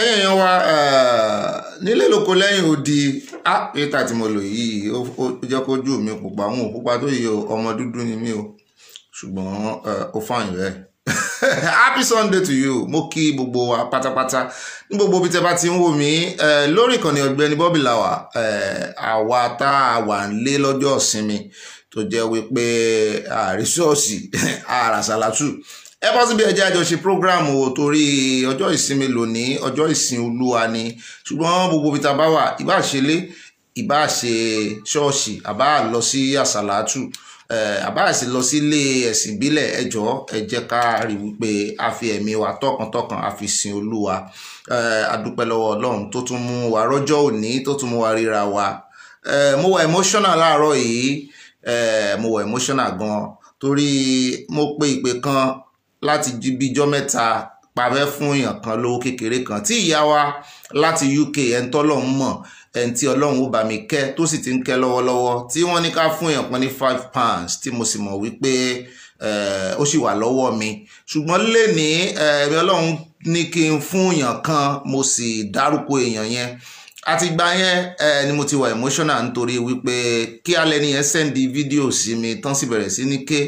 ẹ̀yìn èèyàn wa nílé lóko lẹ́yìn odi ápẹ́tà tí mo lò yìí ó jẹ́ kójú mi pupa òun ò tó yìí ọmọ dúdú ni mí o ṣùgbọ́n ó fáyìn rẹ̀ happy sunday to you mo kí gbogbo wa pátápátá ní gbogbo bí tẹ bá ti ń wò mí lórí ìkànnì ọ̀gbẹ́ni Bobby Lawa àwa tá a wà ń lé lọ́jọ́ ìsinmi tó jẹ́ wípé àrísọ́ọ̀sì àràsàlátù ẹ bá síbi ẹjẹ àjọṣe program o torí ọjọ́ ìsinmi lónìí ọjọ́ ìsìn olúwa ni ṣùgbọ́n gbogbo ibi tá a bá wà ìbá ṣẹlẹ̀ ìbá ṣe ṣọ́ọ̀ṣì àbá lọ sí àṣàlátù àbá sì lọ sílé ẹ̀sìn ìbílẹ̀ ẹjọ́ ẹ jẹ́ ká rí wípé a fi ẹ̀mí wa tọkàntọkàn a fi sin olúwa a dúpẹ́ lọ́wọ́ tó tún mú wa rọ́jọ́ òní tó tún mú wa ríra wa mo wà emotional láàárọ̀ yìí mo wà emotional gan torí mo pe ìpè kan láti bíjọ́ mẹ́ta pàfẹ́ fún èèyàn kan lówó kékeré kan tí ìyá wa láti UK ẹni tọ́lọ́run mọ̀ ẹni tí ọlọ́run ó bá mi kẹ́ tó sì ti ń kẹ́ lọ́wọ́lọ́wọ́ tí wọ́n ní ká fún èèyàn kan ní five pounds tí mo sì mọ̀ wípé eh, ó sì wà lọ́wọ́ mi ṣùgbọ́n lè ní ẹ̀mí eh, ọlọ́run ní kí n fún èèyàn kan mo sì dárúkọ èèyàn yẹn àtìgbà yẹn eh, ni mo ti wà emotional nítorí wípé kí alẹ́ nìyẹn sẹ́ndì fídíò sí mi tán sì bẹ̀rẹ̀ sí ní ké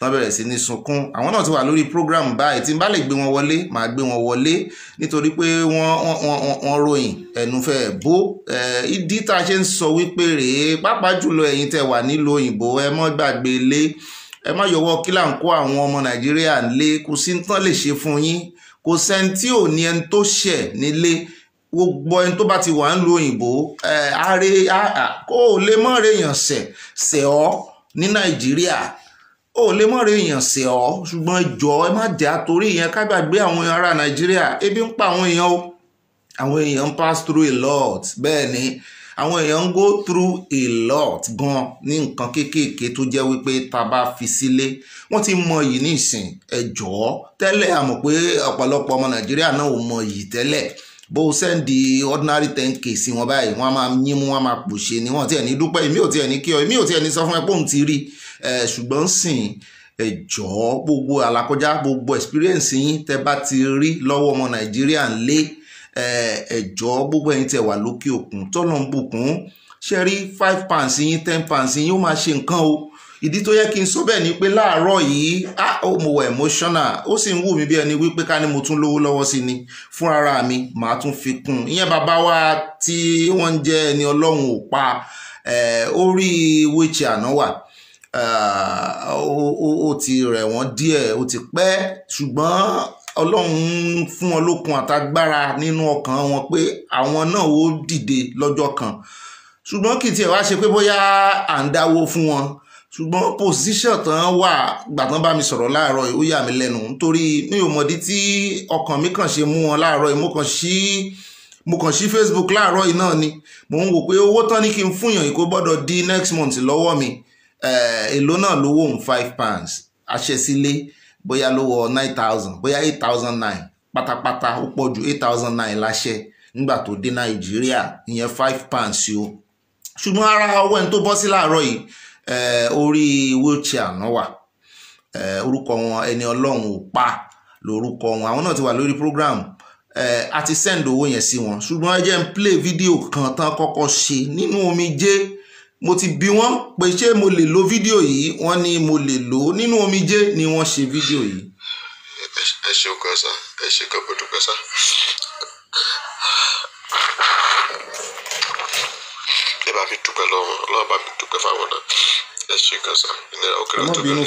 tán bẹ̀rẹ̀ sí ní sunkún àwọn náà ti wà lórí program báyìí tí n bá lè gbé wọn wọlé màá gbé wọn wọlé nítorí pé wọ́n wọ́n ròyìn ẹnu fẹ́ bó ìdí tá a ṣe ń sọ wípé rèé pàápàá jùlọ ẹ̀yin tẹ́ wà nílùú òyìnbó ẹ mọ́ gbàgbé lé ẹ má yọwọ́ kí là ń kó àwọn ọmọ nàìjíríà lé kò sí tán lè ṣe fún yín kò sẹ́ni tí ò ní ẹni tó ṣẹ̀ nílé gbogbo ẹni tó bá ti wà ń lu òyìnbó kó o lè mọ̀ rèèyàn ṣẹ̀ ṣẹ̀ ọ́ ní nàìjíríà ó lè mọ̀rẹ́ èèyàn sí ọ ṣùgbọ́n jọ ẹ má jẹ́ àtòrí ìyẹn ká gbàgbé àwọn ará nàìjíríà ebi ń pa àwọn èèyàn o àwọn èèyàn ń pass through a lot bẹ́ẹ̀ ni àwọn èèyàn ń go through a lot gan ní nǹkan kéékèèké tó jẹ́ wípé tá a bá fi sílé wọ́n ti mọ yìí ní ìsìn ẹ jọ̀ọ́ tẹ́lẹ̀ a mọ̀ pé ọ̀pọ̀lọpọ̀ ọmọ nàìjíríà náà ò mọ yìí tẹ́lẹ̀ bó o sẹ́ndì ordinary ten k sí wọn báyìí wọ́n á máa yín mú wọ́n á máa pòṣe ni wọ́n tiẹ̀ ní dúpẹ́ èmi ò tiẹ̀ ní kí ọ èmi ò tiẹ̀ ní sọ fún ẹ pé rí i ṣùgbọ́n sìn ẹ jọ̀ọ́ gbogbo àlàkọjá gbogbo experience yín tẹ́ bá ti rí lọ́wọ́ ọmọ nàìjíríà ń lé ẹ jọ̀ọ́ gbogbo ẹ̀yin tẹ́ wà lókè òkun tọ́lọ́ ń bùkún ṣe rí five pounds yín ten pounds yín ó máa ṣe nǹkan o ìdí tó yẹ kí n sọ bẹ́ẹ̀ ni pé láàárọ̀ yìí ah mo wà emotional ó sì ń wù mí bí ẹni wípé ká ní mo tún lówó lọ́wọ́ sí ni fún ara mi màá tún fi kún ìyẹn bàbá wa tí wọ́n ń jẹ́ ẹni ọlọ́run ò pa ó rí wheelchair náà wà Ah, ó ti rẹ̀ wọ́n díẹ̀ ó ti pẹ́ ṣùgbọ́n ọlọ́run fún wọn lókun àtagbára nínú ọkàn wọn pé àwọn náà ó dìde lọ́jọ́ kan ṣùgbọ́n kì í tiẹ̀ wá ṣe pé bóyá à ń dáwó fún wọn ṣùgbọ́n pòsíṣàn tán wà gbàtán bá mi sọ̀rọ̀ láàárọ̀ ó yà mí lẹ́nu nítorí mi ò mọ̀dí tí ọkàn mi kàn ṣe mú wọn láàárọ̀ mo kàn sí mo kàn sí Facebook láàárọ̀ yìí náà ni mò ń wò pé owó tán ní kí n fún yàn kó gbọ́dọ̀ di next month lọ́wọ́ mi Eh, èlò náà lówó òun five pounds aṣẹ́sílé bóyá ló wọ nine thousand bóyá eight thousand nine pátápátá ó pọ̀ ju eight thousand nine láṣẹ nígbà tó dé nàìjíríà ìyẹn five pounds o ṣùgbọ́n ara ọwọ́ ẹni tó bọ́ sí láàárọ̀ yìí eh, orí wheelchair náà wà eh, orúkọ wọn ẹni ọlọ́run ò pa lórúkọ wọn àwọn náà ti wà lórí program a ti send owó yẹn sí wọn ṣùgbọ́n ẹ jẹ́ n play fídíò kan tán kọ́kọ́ ṣe nínú omijé mo ti bi wọ́n pé ṣé mo lè lo fídíò yìí wọ́n ní mo lè lò ó nínú omijé ni wọ́n ṣe fídíò yìí. ẹ ṣe ọkọ ẹsà ẹ ṣe kọpẹ dúpẹ́ sá. ẹ bá mi dúpẹ́ lọ́wọ́ ọlọ́run bá mi dúpẹ́ fáwọn náà ẹ ṣe kan sá ìnira òkèrè tó bẹ ní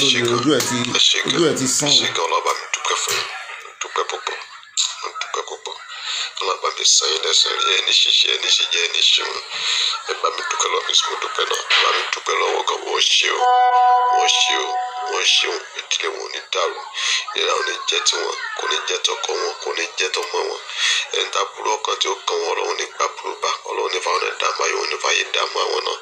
jẹ ti ẹ ṣe kan ojú ẹ ti sàn. ẹ ṣe kan ọlọ́run bá mi dúpẹ́ fún yín dúpẹ́ púpọ̀. n'agbagesa yi ɖe a eye ni tsitsi ni tsi dze ni tsi mu eba mi dukɛ lɔ mi sumu dukɛ lɔ eba mi dukɛ lɔ wɔ gɔ wɔ tsi wọ́n ṣeun ìdílé wọn ò ní dàrú ìlera ò ní jẹ́ tiwọn kò ní jẹ́ tọkọ wọn kò ní jẹ́ tọmọ wọn ẹni tá burú ọkàn tí ó kàn wọn ọlọ́run ní gbàbúrú bá ọlọ́run ní fáwọn ẹ̀dá máa yóò ní fàyè dààmú àwọn náà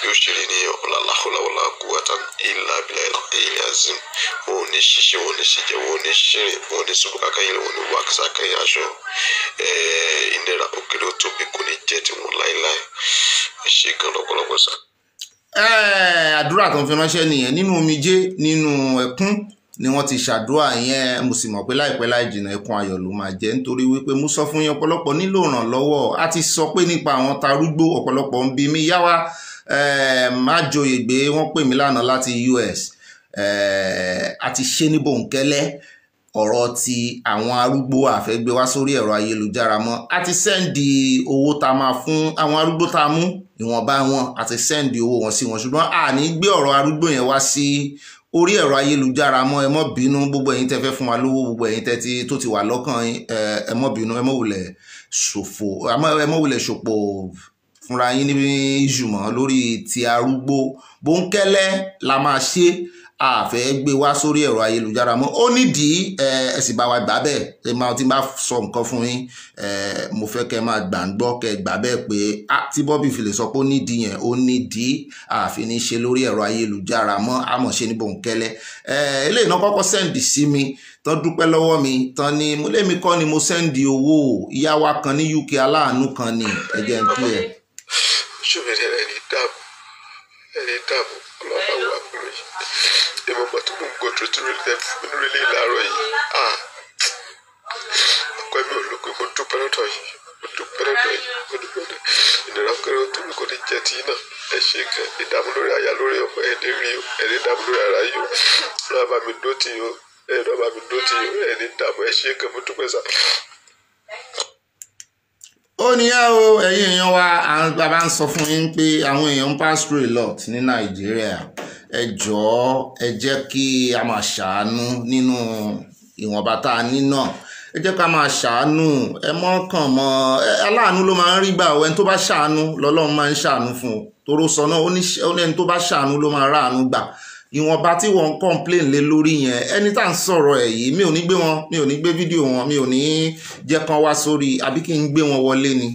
bí ó ṣe rí ní ọ̀làláhùláwọ̀lá kúwàtà ìlà abilà ìlà azim wọn ò ní ṣiṣẹ́ wọn ò ní ṣiṣẹ́ wọn ò ní ṣìrìn wọn ò ní sùn kákẹ́yìn wọn ò ní wákìsà kẹ́yìn aṣọ ìnira òkèrè ó tóbi kò ní jẹ́ tiwọn láéláé ẹ ṣe gan lọ́pọ̀lọpọ̀ sáà àdúrà tó ń fi ránṣẹ́ nìyẹn nínú omijé nínú ẹkún ni wọ́n ti ṣàdúrà yẹn mo sì mọ̀ pé láìpẹ́ láì jìnnà ẹkún ayọ̀ ló máa jẹ́ nítorí wípé mo sọ fún yín ọ̀pọ̀lọpọ̀ nílò ìrànlọ́wọ́ a ti sọ pé nípa àwọn tarúgbó ọ̀pọ̀lọpọ̀ ń bi mí yá wa má joyè gbé wọ́n pè mí lánàá láti US a ti ṣe ní bòńkẹ́lẹ́ ọ̀rọ̀ ti àwọn arúgbó àfẹ́gbé wá sórí ẹ̀rọ ayélujára mọ́ a ti sẹ́ǹdì owó tá máa fún àwọn arúgbó tá mú ìwọ̀nba wọn àti sẹ́ǹdì owó wọn sí wọn ṣùgbọ́n a ní gbé ọ̀rọ̀ arúgbó yẹn wá sí orí ẹ̀rọ ayélujára mọ́ ẹ mọ́ bínú gbogbo ẹ̀yin tẹ́ fẹ́ fún wa lówó gbogbo ẹ̀yin tẹ́ ti tó ti wà lọ́kàn ẹ mọ́ bínú ẹ mọ́ wulẹ̀ ṣòfò ẹ mọ́ wulẹ̀ ṣòpò fúnra yín níbi ìjùmọ̀ lórí ti arúgbó bóńkẹ́lẹ́ la máa ṣe é àfẹ́ gbé wá sórí ẹ̀rọ ayélujára mọ́ ó nídìí ẹ sì bá wa gbà bẹ́ẹ̀ ẹ máa ti bá sọ nǹkan fún yín mo fẹ́ kẹ́ máa gbà ń gbọ́ kẹ́ gbà bẹ́ẹ̀ pé tí Bobby fi lè sọ pé ó nídìí yẹn ó nídìí àfi ní ṣe lórí ẹ̀rọ ayélujára mọ́ àmọ́ ṣe ní bòńkẹ́lẹ́ eléyìí náà kọ́kọ́ sẹ́ǹdì sí mi tán dúpẹ́ lọ́wọ́ mi tán ni lémi kọ́ ni mo sẹ́ǹdì owó ìyá wa kan ní UK aláàánú kan ni ẹ̀jẹ̀ ń pè ẹ̀ ẹ̀yìn dààmú ọlọ́pàá wà pẹ̀lú yìí ìmọ̀ ọgbà tó mú un gòtò tó rí lẹ́fù nínú ilé ìlàrọ̀ yìí ọkọ mi ò lóko mo dúpẹ́ lọ́dọ̀ yìí mo dúpẹ́ lọ́dọ̀ yìí mo dúpẹ́ lọ́dọ̀ ìnira kẹrẹ tó mi kò ní jẹ tí náà ẹ ṣe kan ìdààmú lórí àyà lórí ọmọ ẹni rí o ẹni dààmú lórí ara yìí o lọ́wọ́ bá mi dó tì yìí o ẹni dààmú ẹ ṣe kan mo dúpẹ́ sáà ó ní ẹ o ẹ̀yin èèyàn wa bàbá ń sọ fún yín pé àwọn èèyàn ń pass through a lot ní nàìjíríà ẹ jọ̀ọ́ ẹ jẹ́ kí a máa ṣàánú nínú ìwọ̀nba tá a ní náà ẹ jẹ́ ká máa ṣàánú ẹ mọ́kàn mọ́ aláàánú ló máa ń rí gbà ẹni tó bá ṣàánú lọ́lọ́run máa ń ṣàánú fún un toró sọ náà ó ní ẹni tó bá ṣàánú ló máa ráàánú gbà ìwọ̀nba tí wọ́n ń complain lé lórí yẹn ẹni tá à ń sọ̀rọ̀ ẹ̀ yìí mi ò ní gbé wọn mi ò ní gbé fídíò wọn mi ò ní jẹ́ kán wá sórí àbí kí n gbé wọn wọlé ni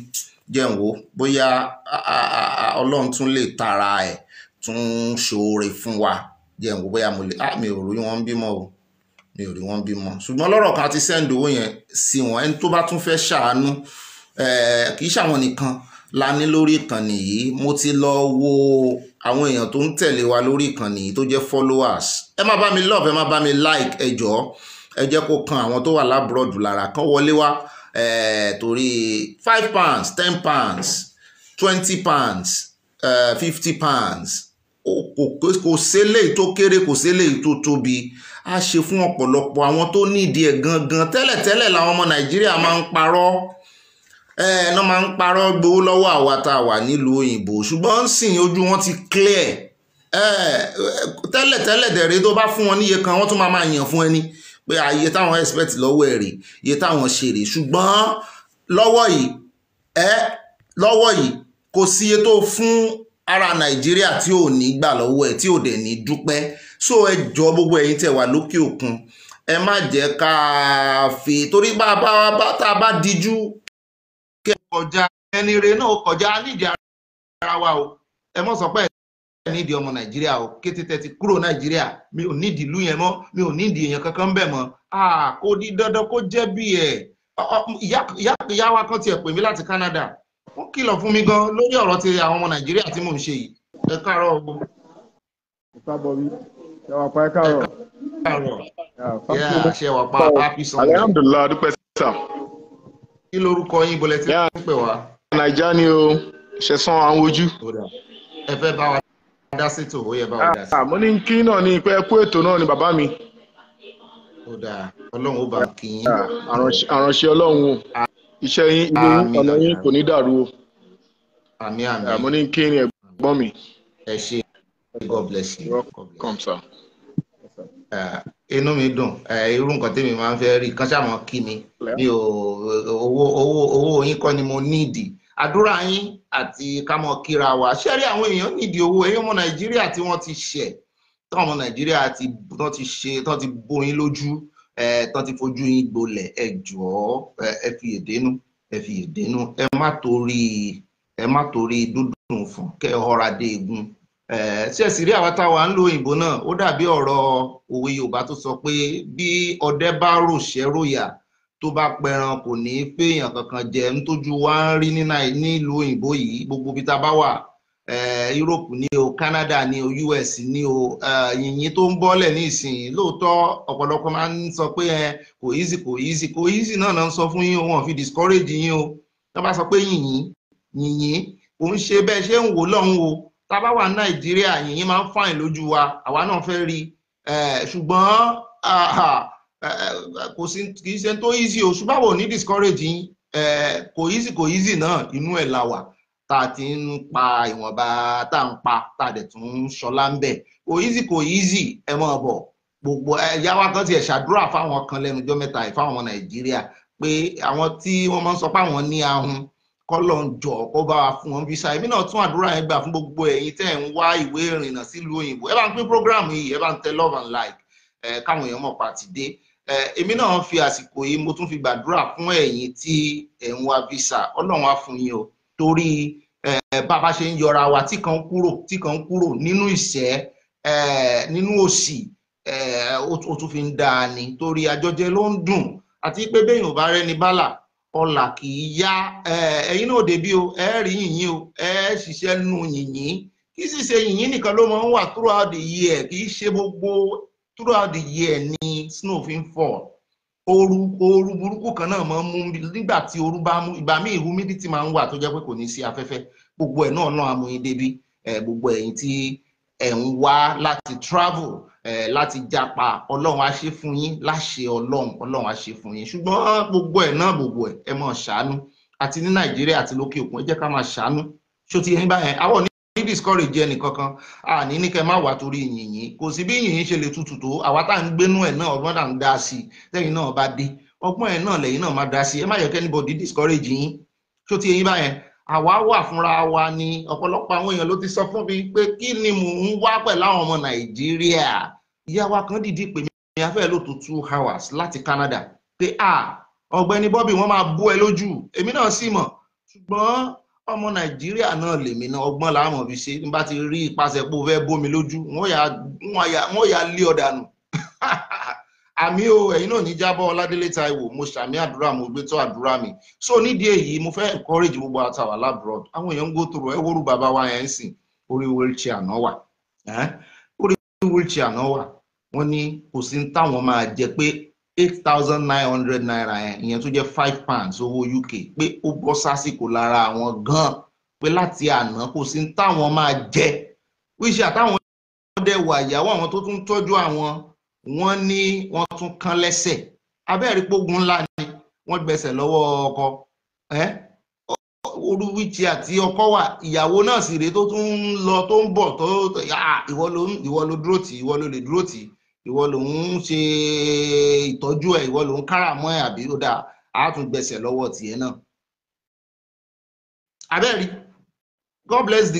jẹ́ ń wò bóyá ọlọ́run tún lè tara ẹ̀ tún ṣoore fún wa jẹ́ ń wò bóyá mo lè ah mi ò rí wọn bímọ o mi ò rí wọn bímọ ṣùgbọ́n lọ́rọ̀ kan àti send owó yẹn sí wọn ẹni tó bá tún fẹ́ ṣàánú kì í ṣàwọn nìkan la ní lórí ìkànnì yìí mo ti lọ wo àwọn èèyàn tó ń tẹ̀lé wa lórí ìkànnì yìí tó jẹ́ followers ẹ má bá mi love ẹ má bá mi like ẹ jọ̀ọ́ ẹ jẹ́ kó kan àwọn tó wà lábúrọ̀dù lára kan wọlé wá torí five pounds ten pounds twenty pounds fifty pounds kò sélé tó kéré kò sélé tó tóbi a ṣe fún ọ̀pọ̀lọpọ̀ àwọn tó nídìí ẹ̀ gangan tẹ́lẹ̀tẹ́lẹ̀ làwọn ọmọ nàìjíríà máa ń parọ́ ẹ eh, ẹ̀nà máa ń parọ́ gbowó lọ́wọ́ àwa tá a wà nílùú òyìnbó ṣùgbọ́n sìn ojú wọn ti clear eh, tẹ́lẹ̀ tẹ́lẹ̀ dẹ̀rẹ́ tó bá fún wọn níye kan wọ́n tún máa máa yàn fún ẹni pé àyè táwọn expect lọ́wọ́ ẹ̀ rè iye táwọn ṣe rè ṣùgbọ́n lọ́wọ́ yìí ẹ eh, lọ́wọ́ yìí kò sí iye tó fún ara nàìjíríà tí ò ní gbà lọ́wọ́ ẹ̀ tí ò dẹ̀ ní dúpẹ́ so ẹ jọ gbogbo ẹ̀yin tẹ́ wà lókè òkun ẹ má jẹ́ ká fi torí bá a bá tá a bá dijú kọjá ẹni rẹ náà kọjá nídìí ara wa o ẹ mọ̀ sọ pé ẹ nídìí ọmọ nàìjíríà o kété tẹ́tí kúrò nàìjíríà mi ò nídìí ìlú yẹn mọ́ mi ò nídìí èèyàn kankan bẹ́ẹ̀ mọ́ kò di dandan kó jẹ́ bí ẹ̀ ìyá wa kan tiẹ̀ pè mí láti Canada ó kìlọ̀ fún mi gan lórí ọ̀rọ̀ ti àwọn ọmọ nàìjíríà tí mò ń ṣe yìí ẹ káàárọ̀ o. ẹ káàbọ̀ mi ẹ wà pa ẹ káàárọ̀. ẹ káàárọ̀ yẹ wà pa happy sunday. alhamdulilayi adúpẹ́ sá kí lorúkọ yín bọ̀lẹ̀ tí wọ́n pè wá. naija ni o ṣẹ̀sán àwọn ojú. ẹ fẹ́ bá wa dá sí tò ó yẹ bá wa dá sí. Ah, mo ní kí náà ni pé kú ètò náà ni bàbá mi. ó dáa ọlọ́run ó bá kì í. àránṣẹ́ ọlọ́run o iṣẹ́ yín ilé ọ̀nà yín kò ní dàrú o. àmì àmì. Ah, mo ní kí ni ẹ̀gbọ́n mi. ẹ ṣe God bless you. God sir. Uh, inú mi dùn irú nǹkan tèmi máa ń fẹ́ rí kan ṣàmọ́ kí mi mi ò owó owó owó yín kọ́ ni mo níìdì àdúrà yín àti kámọ́ kíra wa ṣé rí àwọn èèyàn nídìí owó èyí ọmọ nàìjíríà tí wọ́n ti ṣẹ̀ tán ọmọ nàìjíríà tán ti ṣe tán ti bóyin lójú tán ti fojú yín gbolẹ̀ ẹ jọ̀ọ́ ẹ fi èdénú ẹ fi èdénú ẹ má torí ẹ má torí dúdú fún kẹ ọ̀rá dé egun tí ẹ sì rí àwa táwa ń lo òyìnbó náà ó dàbí ọ̀rọ̀ òwe yorùbá tó sọ pé bí ọdẹ bá ròṣẹ́ ròyà tó bá pẹran kò ní í fèèyàn kankan jẹ ń tójú wa ń rí nílùú òyìnbó yìí gbogbo ibi tá bá wà Europe ní o Canada ní o US ní o yìnyín tó ń bọ́lẹ̀ ní ìsìn lóòótọ́ ọ̀pọ̀lọpọ̀ máa ń sọ pé kò easy kò easy kò easy náà náà ń sọ fún yín wọn fi discourage yín o tó bá sọ pé yìnyín yìnyín kò ṣe bẹ́ẹ̀ ṣé ń wò lọ́hùn o tá a bá wà ní nàìjíríà yìnyín máa ń fàìn lójú wa àwa náà fẹ́ rí ṣùgbọ́n kò sí kì í ṣe tó easy o ṣùgbọ́n àwọn ò ní discourage yín kò easy kò easy náà inú ẹ̀ la wà tá a ti ń pa ìwọ̀nba tá a ń pa tá a dẹ̀ tún ń ṣọlá ń bẹ̀ kò easy kò easy ẹ mọ̀ bọ̀ gbogbo ẹ̀yà wa kan ti ẹ̀ ṣàdúrà fáwọn kan lẹ́nu ọjọ́ mẹ́ta yìí fáwọn ọmọ nàìjíríà pé àwọn tí wọ́n máa ń sọ pé àwọn ní ahun kọlọ́njọ kó bá wa fún wọn visa èmi náà tún àdúrà yẹn gbà fún gbogbo ẹ̀yin tẹ́ ẹ̀ ń wá ìwé ìrìnnà sílùú òyìnbó ẹ bá ń pín program yìí ẹ bá ń tẹ love and like ẹ káwọn èèyàn mọ̀ pa ti dé èmi náà fi àsìkò yìí mo tún fi gbàdúrà fún ẹ̀yin tí ẹ̀ ń wá visa ọlọ́run á fún yín o torí bàbá ṣe ń yọra wa tí kan kúrò tí kan kúrò nínú ìṣẹ́ nínú òṣì ó tún fi ń dáa ni torí àjọjẹ ló ń dùn àti pé béèyàn ò bá rẹ́ni bálà ọlà kì í yá ẹ̀yin náà débí o ẹ rí yìnyín o ẹ ṣiṣẹ́ nu yìnyín kì í sì ṣe yìnyín nìkan ló máa ń wà throughout the year kì í ṣe gbogbo throughout the year ni snow fi ń fọ̀ ooru ooru burúkú kan náà máa ń mú nígbà tí ooru bá mú ìgbà míì humidity máa ń wà tó jẹ́ pé kò ní sí afẹ́fẹ́ gbogbo ẹ̀ náà náà amúyín débí gbogbo ẹ̀yin tí ẹ̀ ń wá láti travel láti japa ọlọ́run á ṣe fún yín láṣẹ ọlọ́run ọlọ́run á ṣe fún yín ṣùgbọ́n gbogbo ẹ̀ náà gbogbo ẹ̀ ẹ máa ṣàánú àti ní nàìjíríà àti lókè òkun ẹ jẹ́ ká máa ṣàánú ṣó ti yẹn báyẹn àwọn ní ní discourage ẹnì kankan àní ní kẹ má wà torí yìnyín kò sí bí yìnyín ṣe lè tutù tó àwa tá à ń gbénú ẹ̀ náà ọgbọ́n tá à ń dá sí i lẹ́yìn náà bá dé ọgbọ́n ẹ̀ náà lẹ́yìn náà má dá sí i ẹ má yẹ kẹ́nìbọ̀dì discourage yín ṣó ti yẹn báyẹn àwa wà fúnra wa ni ọ̀pọ̀lọpọ̀ àwọn èèyàn ló ti sọ fún mi pé kí ni mò ń wá pẹ̀lú àwọn ọmọ nàìjíríà ìyá wa kan dìde pè mí afẹ́ lò tó two hours láti Canada pé ọ̀gbẹ́ni Bobby wọ́n máa bú ẹ lójú èmi náà sì mọ̀ ṣùgbọ́n ọmọ nàìjíríà náà lèmi náà ọgbọ́n làwọn fi ṣe nígbà tí rí ipasẹ̀ pé o fẹ́ bómi lójú wọ́n yà lé ọ̀dànù àmì o ẹ̀yin náà ní jábọ́ ọládélé táíwò mo ṣàmì àdúrà mo gbé tó àdúrà mi so nídìí èyí mo fẹ́ encourage gbogbo àtàwà labroad àwọn èèyàn ń gò tòrò ẹ wóru bàbá wa ẹ̀ ń sìn orí wheelchair náà wà orí wheelchair náà wà wọ́n ní kò sí táwọn máa jẹ pé eight thousand nine hundred naira ìyẹn tó jẹ́ five pounds owó UK pé ó bọ́ sásìkò lára àwọn gan-an pé láti àná kò sí táwọn máa jẹ wíṣẹ àtàwọn ọdẹ wà ìyàwó àwọn tó tún tọ́jú àwọn wọ́n ní wọ́n tún kán lẹ́sẹ̀ abẹ́rẹ́ pógun ńlá ni wọ́n gbẹ̀sẹ̀ lọ́wọ́ ọkọ orúwíjì àti ọkọ wà ìyàwó náà sì rèé tó tún ń lọ tó ń bọ̀ tó ah, ìwọ ló dúró tì ìwọ ló lè dúró tì ìwọ ló ń ṣe ìtọ́jú ẹ̀ ìwọ ló ń káràmọ́ ẹ̀ àbí ó dáa á tún gbẹ̀sẹ̀ lọ́wọ́ tiẹ̀ náà. abẹ́rí God bless the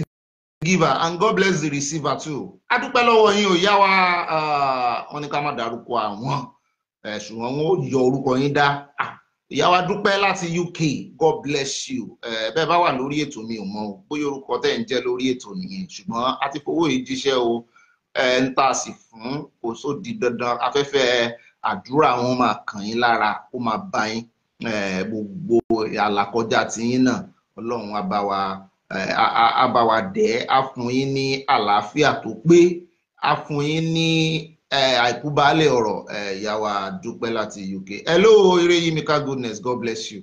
giver and God bless the receiver too. a dúpẹ́ lọ́wọ́ yín ò yá wa wọ́n ní ká má dárúkọ àwọn ṣùgbọ́n wọ́n yọ orúkọ yín dá ìyá wa dúpẹ́ láti UK God bless you bẹ́ẹ̀ bá wà lórí ètò mi ò mọ̀ bóyá orúkọ tẹ̀ ń jẹ́ lórí ètò nìyẹn ṣùgbọ́n a ti fowó yìí jíṣẹ́ o. Uh, ń tà sí fún kò só di dandan afẹ́fẹ́ àdúrà wọn máa kàn yín lára ó máa bá yín gbogbo àlàkọjá tiyín náà ọlọ́run á dẹ̀ á fún yín ní àlàáfíà tó pé á fún yín ní àìkúbálẹ̀ ọ̀rọ̀ ìyá wa láti UK hello Ireyimika goodness God bless you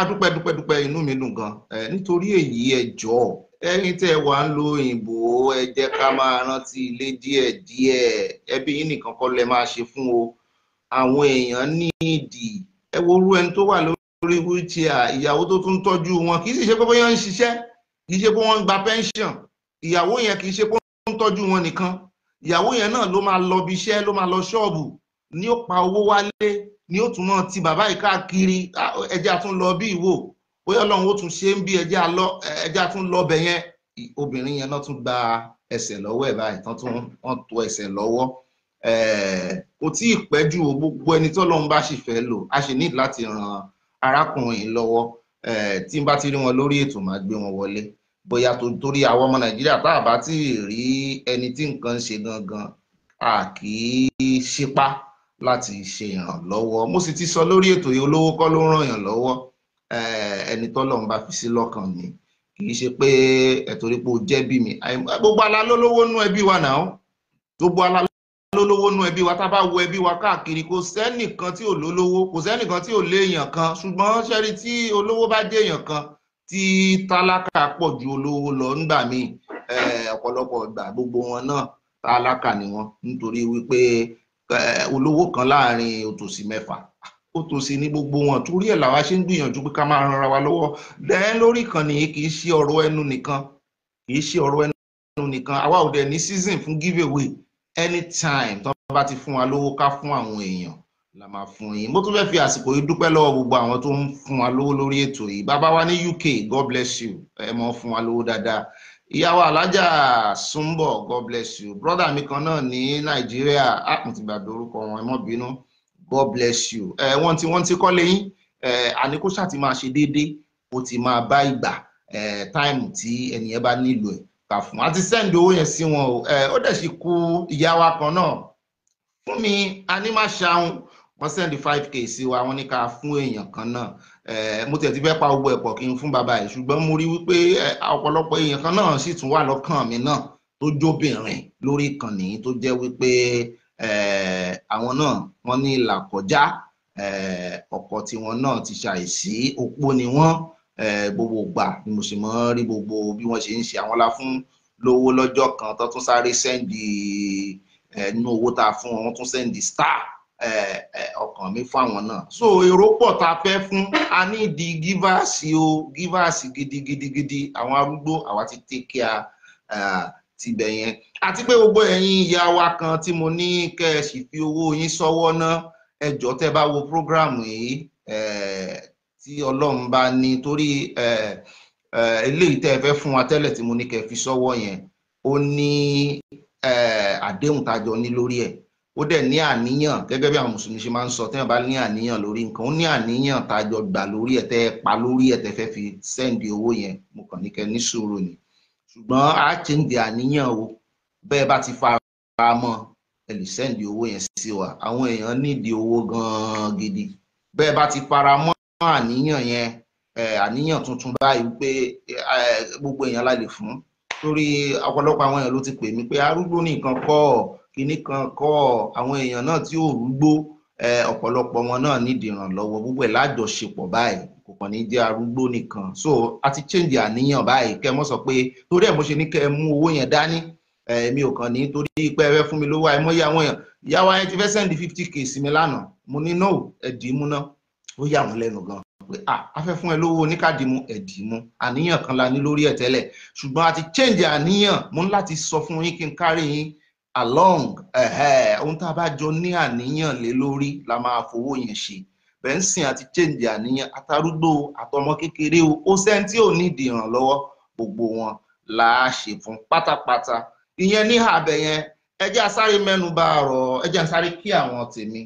adúpẹ́ dúpẹ́ dúpẹ́ inú mi dùn gan nítorí èyí ẹ jọ̀ọ́ ẹ̀yin tẹ́ wà ń lo òyìnbó ẹ jẹ́ ká máa rántí ilé díẹ̀díẹ̀ ẹbí yín nìkan kọ́ lẹ máa ṣe fún o àwọn èèyàn ní ìdì ẹ worú ẹni tó wà lórí wíìchìá ìyàwó tó tún tọ́jú wọn kì í sì ṣe pé bóyá ń ṣiṣẹ́ kì í ṣe pé wọ́n ń gba pension ìyàwó yẹn kì í ṣe pé wọ́n ń tọ́jú wọn nìkan ìyàwó yẹn náà ló máa lọ bí iṣẹ́ ló máa lọ ṣọ́ọ̀bù ni ó pa owó wálé ni ó tún mọ́ ti bàbá yìí káàkiri ẹja tún bí ìwò bóyá ọlọ́run ó tún ṣe ń bí ẹja tún lọ́bẹ̀ yẹn obìnrin yẹn náà tún gba ẹsẹ̀ lọ́wọ́ ẹ̀ báyìí tán tún wọ́n tó ẹsẹ̀ lọ́wọ́ kò tí ì pẹ́jù gbogbo ẹni tó lọ́run bá sì fẹ́ lò a sì ní láti ran arákùnrin lọ́wọ́ tí n bá ti rí wọn lórí ètò máa gbé wọn wọlé bóyá torí àwọn ọmọ nàìjíríà tá a bá ti rí ẹni tí nǹkan ṣe gangan a kì í ṣipá láti ṣe ìrànlọ́wọ́ mo sì ti sọ lórí ètò yìí olówó kọ́ ló ràn yàn lọ́wọ́ Eh, ẹni tọ́lọ́run bá fi sí lọ́kàn ni kì í ṣe pé ẹ̀tọ́rí pé o jẹ́bí mi gbogbo ala lólówó nú ẹbí wa náà gbogbo ala lólówó nú ẹbí wa tá a bá wo ẹbí wa káàkiri kò sẹ́nìkan tí ò lólówó kò sẹ́nìkan tí ò léèyàn kan ṣùgbọ́n ṣẹ́rí tí olówó bá déèyàn kan tí tálákà pọ̀ ju olówó lọ ńgbà míì eh, ọ̀pọ̀lọpọ̀ ìgbà gbogbo wọn náà tálákà ni wọn nítorí wípé eh, olówó kan láàrin òtòṣì mẹ́fà ó tó sí ní gbogbo wọn torí ẹ̀ làwa ṣe ń gbìyànjú pé ká máa ranra wa lọ́wọ́ dẹ́n lórí ìkànnì kì í ṣe ọ̀rọ̀ ẹnu nìkan kì í ṣe ọ̀rọ̀ ẹnu nìkan àwa ò dẹ̀ ní season fún giveaway anytime tó bá ti fún wa lówó ká fún àwọn èèyàn la máa fún yín mo tún fẹ́ fi àsìkò yìí dúpẹ́ lọ́wọ́ gbogbo àwọn tó ń fún wa lówó lórí ètò yìí bàbá wa ní UK God bless you ẹ mọ fún wa lówó dáadáa ìyàwó alájà Súnbọ̀ God bless you brother mi kan náà ní Nàìjíríà àpùntìgbà ah, dorúkọ wọn ẹ mọ bínú. God bless you wọ́n ti wọ́n ti kọ́ lẹ́yìn àníkó ṣáà ti máa ṣe déédéé ó ti máa bá ìgbà táìmù tí ẹnìyẹn bá nílò ẹ̀ kà fún wa ti owó yẹn sí wọn o ó dẹ̀ sì ku ìyá wa kan náà fún mi Animashaun wọ́n sẹ́ǹdì five k sí wa wọ́n ní ká fún èèyàn kan náà mo tẹ̀ ti fẹ́ pa gbogbo ẹ̀pọ̀ kí n fún bàbá ẹ̀ ṣùgbọ́n mo rí wípé ọ̀pọ̀lọpọ̀ èèyàn kan náà sì tún wà lọ́kàn mi náà tó jóbìnrin lórí ìkànnì tó jẹ́ wípé Eh, àwọn náà wọ́n ní ìlà kọjá eh, ọkọ tiwọn náà ti ṣàìsí opó ni wọ́n eh, gbogbo ìgbà ni mo sì mọ rí gbogbo bí wọ́n ṣe ń ṣe àwọn la fún lówó lọ́jọ́ kan tó tún sáré sẹ́ndì nínú owó tá a fún wọn tún sẹ́ndì star ọkàn mi fáwọn náà so èrò pọ̀ tá a fẹ́ fún a ní di gívàsì o gívàsì gidigidigidi àwọn arúgbó àwa ti take care tibẹ̀ yẹn àti pé gbogbo ẹ̀yin ìyá wa kan tí mo ní kẹ́ ẹ sì fi owó yín sọ́wọ́ náà ẹ jọ̀ọ́ tẹ́ bá wo prógráàmù yìí tí ọlọ́run bá ní torí eléyìí tẹ́ ẹ fẹ́ fún wa tẹ́lẹ̀ tí mo ní kẹ́ ẹ fi sọ́wọ́ yẹn ó ní àdéhùn tájọ ní lórí ẹ̀ ó dẹ̀ ní àníyàn gẹ́gẹ́ bí àwọn mùsùlùmí ṣe máa ń sọ tẹ́yàn bá ní àníyàn lórí nǹkan ó ní àníyàn tájọ gbà lórí ẹ̀ tẹ́ ẹ pa lórí ẹ̀ tẹ́ fẹ́ fi sẹ́ǹdì owó yẹn mo kàn ní kẹ́ ní sùúrù ni ṣùgbọ́n a change àníyàn o bẹ́ẹ̀ bá ti fara mọ́ ẹ lè sẹ́ndì owó yẹn sí wa àwọn èèyàn nídìí owó gan-an gidi bẹ́ẹ̀ bá ti fara mọ́ àníyàn yẹn àníyàn tuntun báyìí pé gbogbo èèyàn la lè fún torí ọ̀pọ̀lọpọ̀ àwọn èèyàn ló ti pè mí pé arúgbó nìkan kọ́ kinní kan kọ́ àwọn èèyàn náà tí ò rúgbó ọ̀pọ̀lọpọ̀ wọn náà nídìí ìrànlọ́wọ́ gbogbo ẹ̀ lájọṣepọ̀ báyìí kò kàn ní jẹ́ arúgbó nìkan so a change àníyàn báyìí kẹ́ mọ́ sọ pé torí ẹ̀ mo ṣe ní kẹ́ ẹ mú owó yẹn dání èmi ò kàn ní torí pé ẹ fẹ́ fún mi lówó àìmọye àwọn èèyàn ìyá wa ti fẹ́ sẹ́ndì fifty k sí mi lánàá mo ní no ẹ̀dì mú ná ó yà wọ́n lẹ́nu gan pé a fẹ́ fún ẹ lówó oníkàdì mu ẹ̀dì mu àníyàn kan la ní lórí ẹ̀ tẹ́lẹ̀ ṣùgbọ́n a ti change àníyàn mo ní láti sọ fún yín kí n kárí yín along ohun tá a bá jọ ní àníyàn lé lórí la máa fowó yẹn ṣe bẹ́ńsìn àti change àníyàn àtàrúgbó àtọmọ kékeré o ó sẹ́ńtì ò nídìí ìrànlọ́wọ́ gbogbo wọn là á ṣe fún pátápátá ìyẹn ní àbẹ̀ yẹn ẹ jẹ́ asáré mẹ́nu ọ̀rọ̀ ẹ asáré kí àwọn tèmi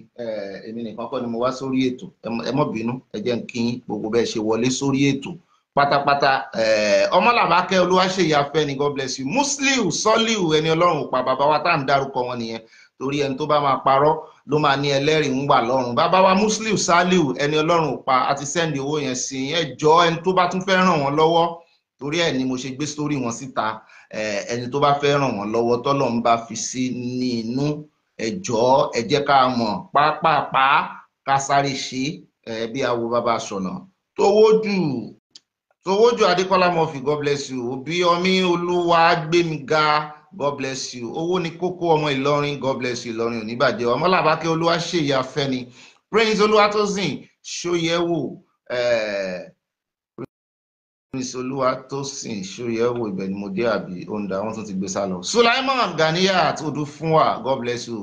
èmi nìkan kọ́ ni mo wá sórí ètò ẹ mọ́ bínú ẹ jẹ́ gbogbo bẹ́ẹ̀ ṣe wọlé sórí ètò pátápátá eh, ọmọlàbákẹ́ olúwaṣèyí afẹ́ni god bless you musliu sọ́líù ẹni ọlọ́run pa bàbá wa tá à ń dárúkọ wọn nìyẹn torí ẹni tó bá máa parọ́ ló máa ní ẹlẹ́rìí ń wà lọ́rùn bàbá wa musliu saliu ẹni ọlọ́run pa àti sẹ́ndì owó yẹn sí ẹ jọ ẹni tó bá tún fẹ́ ràn wọ́n lọ́wọ́ torí ẹ ni mo ṣe gbé sórí wọn síta eh, ẹni tó bá fẹ́ ràn wọ́n lọ́wọ́ tọ́lọ́run bá fi sí ní inú ẹ jọ ká mọ̀ pápápá ká sáré ṣe eh, bí awo bàbá sọ̀nà tó wójú Sowoju Adekola Murphy, God bless you. Obiyomi Oluwagbemiga, God bless you. Owó ni kókó ọmọ Ìlọrin, God bless you, Ìlọrin ò ní bàjẹ́. Ọmọlàbákẹ́ Olúwaṣèyí Afẹ́ni, Prince Olúwatósìn, Ṣóyẹ̀wò, eh, Prince Olúwatósìn, Ṣóyẹ̀wò, ibẹ̀ ni mo dé àbí Onda, wọ́n tún ti gbé sá lọ. Sulaiman Ganiyat Odúfúnwà, God bless you.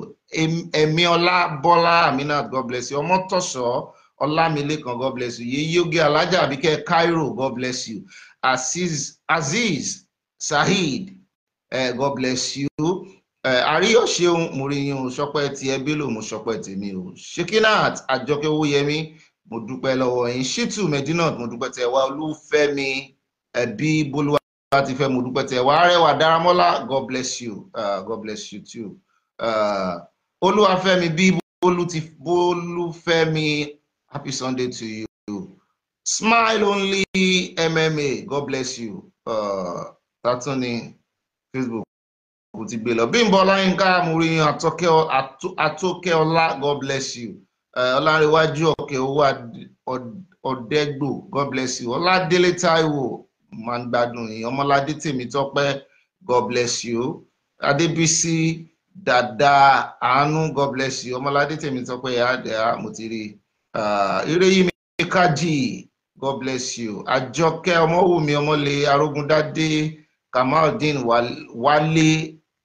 Emiola Bọ́lá Aminat, God bless you. Ọmọ Tọ́ṣọ́. Olamilekan, God bless you. Yeyoge Alaja Abike Cairo, God bless you. Aziz, Aziz Saheed, uh, God bless you. Eh, Àríyọ̀ ṣeun mo rí yín o, ṣọpẹ́ ti ẹbí lò mo tèmi o. Shekinat Àjọkẹ́ Owóyẹmí, mo dúpẹ́ lọ́wọ́ yín. Shitu Medinat, mo dúpẹ́ tẹ̀ wá. Olúfẹ́mi ẹbí Bolúwa ti fẹ́ mo dúpẹ́ tẹ̀ wá. Arẹwà Dáramọ́lá, God bless you, uh, God bless you too. Uh, Olúwafẹ́mi bí Bólú ti Bólúfẹ́mi Happy Sunday to you. Smile only MMA. God bless you. Uh, that's on the Facebook. Kò ti gbé lọ. Bímbọ́ Ọláyínká Amúríyìn Atókè Ọlá God bless you. Uh, Ọláréwájú Ọ̀kẹ́ Owó Ọ̀dẹ́gbò God bless you. Ọládélé Táíwò máa ń gbádùn yìí. Ọmọládé Tèmítọ́pẹ́ God bless you. Adébísí Dàda Àánú God bless you. Ọmọládé Tèmítọ́pẹ́ yà á dẹ̀ á mo ti rí i. Ah, Ireyimi Kaji, God bless you. Àjọkẹ́ Ọmọwùmí Ọmọlé Arógúndádé Kamaldeen Wálé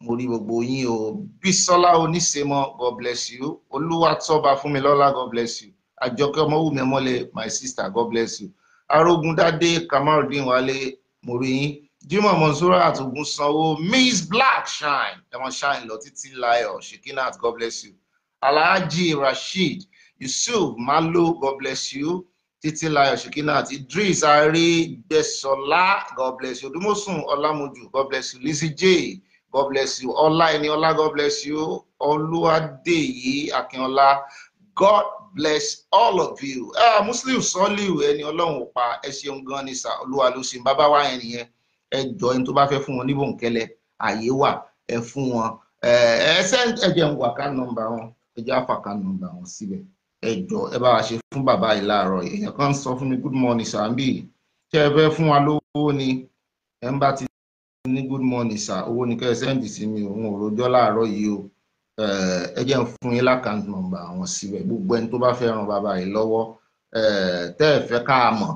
mo rí gbogbo yín o. Bísọ́lá Oníṣemọ, God bless you. Olúwatóba Fúnmilọ́lá, God bless you. Àjọkẹ́ Ọmọwùmí Ọmọlé, my sister, God bless you. Arógúndádé Kamaldeen Wálé, mo rí yín. Jimoh Monsura Atogun Sanwo, Miss Black Shine, Ẹ̀wọ̀n Shine lọ títí láyọ̀, Shekinat, God bless you. Alhaji Rasheed, yusuf malo god bless you Titi títílayọ̀ ṣèkínà àti idris arígbẹ̀sọlá god bless you odúmọ̀sùn ọlámọjù god bless you lizzy j god bless you ọlá ẹni ọlá god bless you olúwadéyí akínọlá god bless all of you ah muslim sọlíù ẹni ọlọ́run ò pa ẹ ṣeun gan ni sà olúwa ló ṣe bàbá wa yẹn nìyẹn ẹ jọ ẹni tó bá fẹ́ fún wọn ní bòńkẹ́lẹ́ àyè wà ẹ fún wọn ẹ ẹ ṣe ẹ jẹun wà ká nọ́mbà wọn ẹ jẹ àfà ká nọ́mbà wọn síbẹ̀ ẹ jọ ẹ bá wa ṣe fún bàbá yìí láàárọ̀ èèyàn kan sọ fún mi good morning sir nbí ṣé ẹ fẹ́ fún wa lówó ni ẹ ń bá ti ní good morning sir owó ni kẹ́ ẹ sẹ́ǹdì sí mi òun ò rojọ́ láàárọ̀ yìí o ẹ jẹ́ ń fún yín lákàntì nọ̀mbà àwọn síbẹ̀ gbogbo ẹni tó bá fẹ́ ran bàbá yìí lọ́wọ́ tẹ́ ẹ fẹ́ ká mọ̀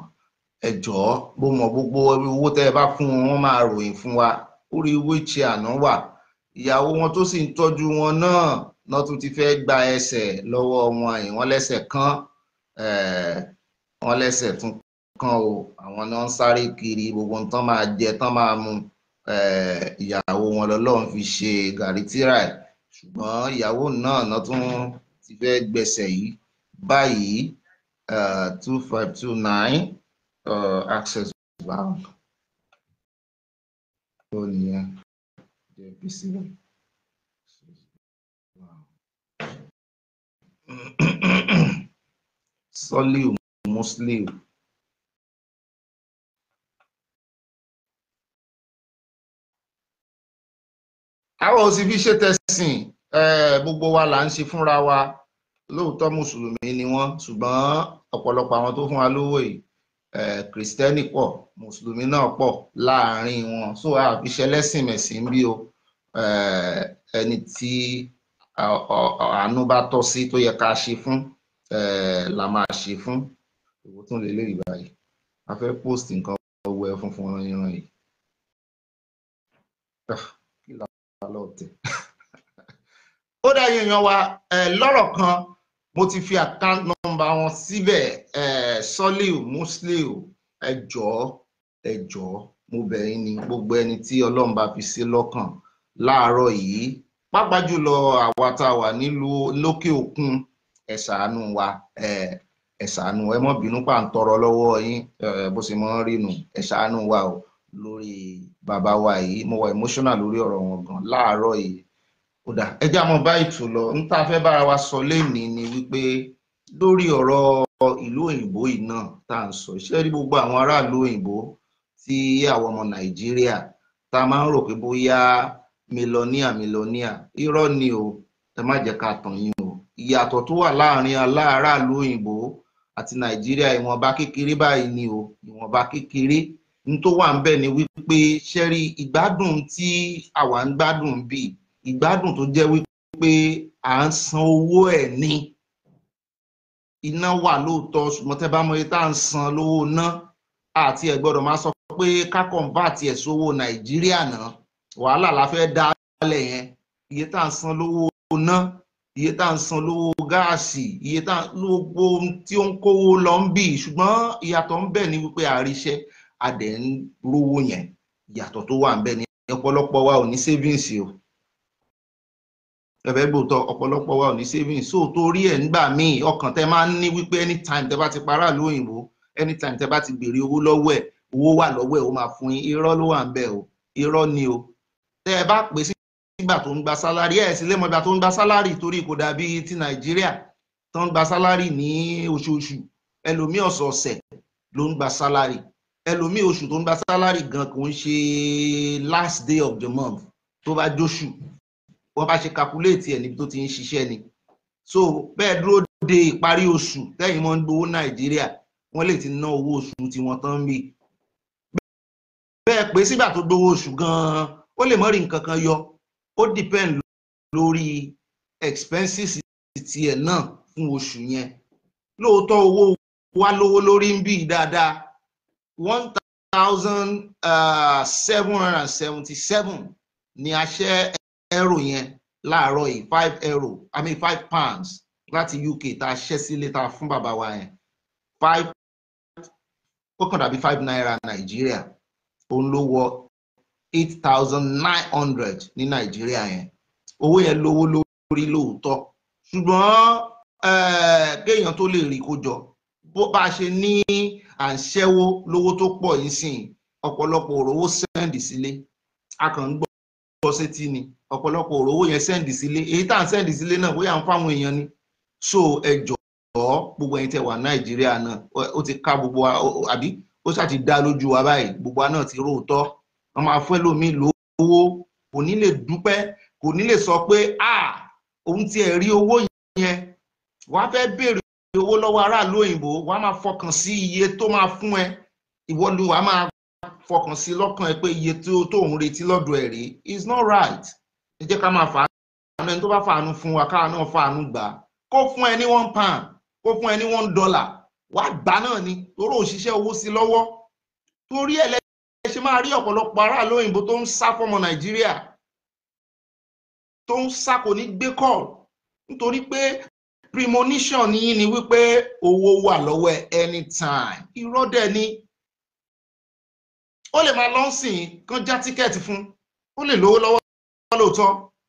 ẹ jọ̀ọ́ bó mọ gbogbo owó tẹ́ ẹ bá fún wọn máa ròyìn fún wa orí wheelchair àná wà ìyàwó wọn tó sì ń tọ́jú wọn náà náà tún ti fẹ́ gba ẹsẹ̀ lọ́wọ́ wọn yìí wọ́n lẹ́sẹ̀ kan eh, wọ́n lẹ́sẹ̀ tún kan o àwọn náà ń sáré kiri gbogbo tán máa jẹ tán máa mu eh, ìyàwó wọn lọ́lọ́run fi ṣe gàrí tíra ẹ̀ ṣùgbọ́n ìyàwó náà náà tún ti fẹ́ gbẹ̀sẹ̀ yìí báyìí eh, two five two nine access bank. Oh, yeah. Yeah, Soliu Musliu. Àwọn òsì fi ṣe tẹ̀sìn gbogbo wa là ń ṣe fúnra wa lóòótọ́ mùsùlùmí ni wọ́n ṣùgbọ́n ọ̀pọ̀lọpọ̀ àwọn tó fún wa lówó yìí kìrìsìtẹ́nì pọ̀ mùsùlùmí náà pọ̀ láàárín wọn so àfiṣẹ́lẹ́sìn mẹ̀sìn bí o ẹni tí àánú bá tọ́ sí tó yẹ ká ṣe fún la máa ṣe fún èwo tún lè léyìí báyìí a fẹ́ post nǹkan ọwọ́ ẹ funfun yanran yìí ah, kí la lọ tẹ. ó dá yẹ̀yàn wa lọ́rọ̀ kan mo ti fi account number wọn síbẹ̀ Soliu Musiliu ẹ jọ̀ọ́ mo bẹ̀ yín ni gbogbo ẹni tí Ọlọ́run bá fi sí lọ́kàn láàárọ̀ yìí pápá jùlọ àwa tá a wà nílùú lókè òkun ẹ wa ẹ ṣàánú ẹ mọ́ bínú pa ń tọrọ lọ́wọ́ yín bó ṣe mọ́ rínu ẹ ṣàánú wa o lórí bàbá wa yìí mo wà emotional lórí ọ̀rọ̀ wọn gan láàárọ̀ yìí ó dà ẹ já mọ́ bá ètò lọ ń tá fẹ́ bára wa sọ lénìí ni wípé lórí ọ̀rọ̀ ìlú òyìnbó yìí náà tá à ń sọ ṣé rí gbogbo àwọn aráàlú òyìnbó tí àwọn ọmọ nàìjíríà tá máa ń rò pé bóyá mílọ́níà mílọ́níà irọ́ ni o ẹ má jẹ́ ká tàn yín o ìyàtọ̀ tó wà láàrin aláàráàlú òyìnbó àti nàìjíríà ìwọ̀nba kékeré báyìí ni o ìwọ̀nba kékeré n tó wà ń bẹ̀ ni wípé ṣẹ́rí ìgbádùn tí àwa ń gbádùn bíi ìgbádùn tó jẹ́ wípé à ń san owó ẹ̀ ní iná wà lóòótọ́ ṣùgbọ́n tẹ́ bá mọ iye tá à ń san lówó ná àti ẹ̀ gbọ́dọ̀ máa sọ pé ká convert ẹ̀ sówó nàìjíríà náà wàhálà la fẹ́ dálẹ̀ yẹn iye tá à ń san lówó ná iye tá à ń san lówó gáàsì iye tá gbogbo tí ó ń kówó lọ ń bì ṣùgbọ́n ìyàtọ̀ ń bẹ ní wípé àríṣẹ́ adẹ̀ ń rówó yẹn ìyàtọ̀ tó wà ń bẹ ní ọ̀pọ̀lọpọ̀ wa ò ní savings o ẹ̀fẹ́ gbòòtọ́ ọ̀pọ̀lọpọ̀ wa ò ní savings so torí ẹ̀ nígbà míì ọkàn tẹ máa ń ní wípé anytime tẹ bá ti para lóyìnbó anytime tẹ bá ti béèrè owó lọ́wọ́ ẹ̀ owó wà lọ́wọ́ ẹ̀ ó máa fún yín irọ́ ló wà ń bẹ o irọ́ ni o tẹ́ ẹ bá pè sí ìgbà tó ń gba sálárì ẹ̀ sílé mọ́ ìgbà tó ń gba sálárì torí kò dàbí ti nàìjíríà tó ń gba sálárì ní oṣooṣù ẹlòmíì ọ̀sọ̀ọ̀sẹ̀ ló ń gba sálárì ẹlòmíì oṣù tó ń gba sálárì gan kò ń ṣe last day of the month tó bá jóṣù wọ́n bá ṣe calculate ẹ̀ níbi tó ti ń ṣiṣẹ́ ni so bẹ́ẹ̀ dúró de ìparí oṣù tẹ́yìn mọ́ ń gbowó nàìjíríà wọ́n lè ti ná owó oṣù tí wọ́n tán ń bí bẹ́ẹ̀ pé sígbà tó gbowó oṣù gan-an ó lè mọ́ rí nǹkan kan yọ ó depend lórí expenses tiẹ̀ náà fún oṣù yẹn lóòótọ́ owó wa lówó lórí ń bí dáadáa one thousand uh, seven hundred and seventy seven ni a ṣẹ́ euro yẹn láàárọ̀ yìí five euro i mean five pounds láti UK tá a ṣẹ́ sílé tá a fún bàbá wa yẹn five ó kàn dàbí five naira Nàìjíríà òun ló wọ eight thousand nine hundred ní nàìjíríà yẹn owó yẹn lówó lórí lóòótọ́ ṣùgbọ́n eh, kéèyàn tó lè rí kó jọ bó bá ṣe ní à ń ṣẹ́wó lówó tó pọ̀ yìí sìn ọ̀pọ̀lọpọ̀ òrówó sẹ́ǹdì sílé a kàn ń gbọ́ sétí ni ọ̀pọ̀lọpọ̀ òrówó yẹn sẹ́ǹdì sílé èyí tá à ń sẹ́ǹdì sílé náà bóyá ń fáwọn èèyàn ni so ẹ jọ̀ọ́ gbogbo ẹ̀yin tẹ́ wà nàìjíríà náà ó ti ká gbogbo àbí ó ṣáà ti dá lójú wa báyìí gbogbo wa náà ti róòótọ́ wọ́n máa fún ẹlòmíì lówó kò ní lè dúpẹ́ kò ní lè sọ pé ah òun tiẹ̀ rí owó yẹn wàá fẹ́ béèrè owó lọ́wọ́ aráàlú òyìnbó wàá máa fọkàn sí iye tó máa fún ẹ ìwọ ni wàá máa fọkàn sí lọ́kàn ẹ pé iye tó tóun retí lọ́dọ̀ ẹ̀ rí is not right ẹ jẹ́ ká máa fàánú ẹni tó bá fàánú fún wa káà náà fàánú gbà kó fún ẹ ní one pound kó fún ẹ ní one dollar wàá gbà náà ni torí òṣìṣẹ́ owó sí lọ́wọ́ torí ẹ̀ ẹ ṣe máa rí ọ̀pọ̀lọpọ̀ aráàlú òyìnbó tó ń sá fọmọ nàìjíríà tó ń sá kò ní gbé kọ̀ nítorí pé premonition ni ni wípé owó wà lọ́wọ́ ẹ anytime irọ́ dẹ̀ ni ó lè máa lọ́sìn kan já tíkẹ́ẹ̀tì fún ó lè lówó lọ́wọ́ lóòótọ́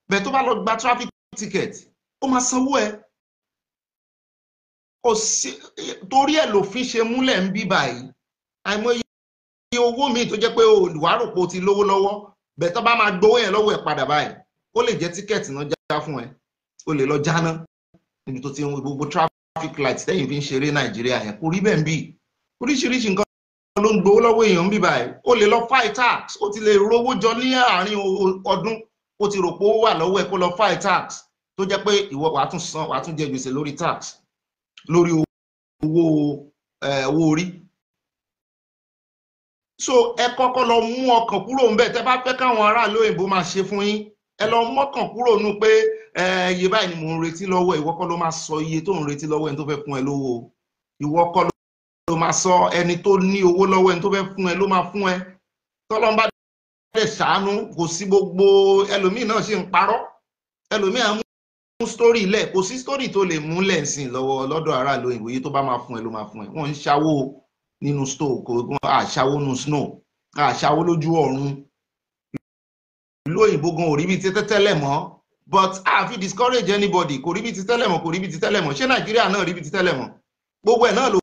bẹ́ẹ̀ tó bá lọ gba traffic ticket ó máa sanwó ẹ torí ẹ̀ lòfin ṣe múlẹ̀ ń bí báyìí àìmọye owó míì tó jẹ́ pé olùwáròpọ̀ ti lówó lọ́wọ́ bẹ̀tọ́ bá máa gbowó yẹn lọ́wọ́ ẹ̀ padà báyìí ó lè jẹ́ tíkẹ́ẹ̀tì náà já fún ẹ ó lè lọ jáná níbi tó ti ń gbogbo traffic light tẹ́yìn fi ń ṣeré nàìjíríà yẹn kò rí bẹ́ẹ̀ ń bì oríṣiríṣi nǹkan ló ń gbowó lọ́wọ́ èèyàn ń bì báyìí ó lè lọ fáì tax o ti lè rówó jọ ní àárín ọdún o ti rò pé ó wà lọ́wọ́ ẹ kó lọ fáì tax tó jẹ́ pé ìwọ wàá tún san wàá tún jẹ gbèsè lórí tax lórí owó owó orí so ẹ kọ́kọ́ lọ mú ọkàn kúrò ń bẹ̀ tẹ́ bá fẹ́ káwọn aráàlú òyìnbó máa ṣe fún yín ẹ lọ mọ́kàn kúrò nù pé iye báyìí ni mò ń retí lọ́wọ́ ìwọ kọ́ ló máa sọ iye tó ń retí lọ́wọ́ ẹni tó fẹ́ fún ẹ lówó ìwọ kọ́ ló máa sọ ẹni tó ní owó lọ́wọ́ ẹni tó fẹ́ fún ẹ ló máa fún ẹ tọ́lọ́n bá dẹ̀ ṣàánú kò sí gbogbo ẹlòmíì náà ṣì ń parọ́ ẹlòmíì àmú mú sítórì lẹ̀ kò sí sítórì tó lè múlẹ̀ sìn lọ́wọ́ lọ́dọ̀ aráàlú òyìnbó iye tó bá máa fún ẹ ló máa fún ẹ wọ́n ń ṣàwó o nínú snow kò àṣàwó nínú snow àṣàwó lójú ọ̀run ìlú òyìnbó gan ò rí bí ti tẹ́tẹ́lẹ̀ mọ́ but àfi discourage anybody kò rí bí ti tẹ́lẹ̀ mọ́ kò rí bí ti tẹ́lẹ̀ mọ́ ṣé nàìjíríà náà rí bí ti tẹ́lẹ̀ mọ́ gbogbo ẹ̀ náà ló